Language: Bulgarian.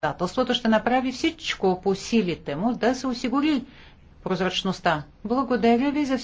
председателството ще направи всичко по силите му да се осигури прозрачността. Благодаря ви за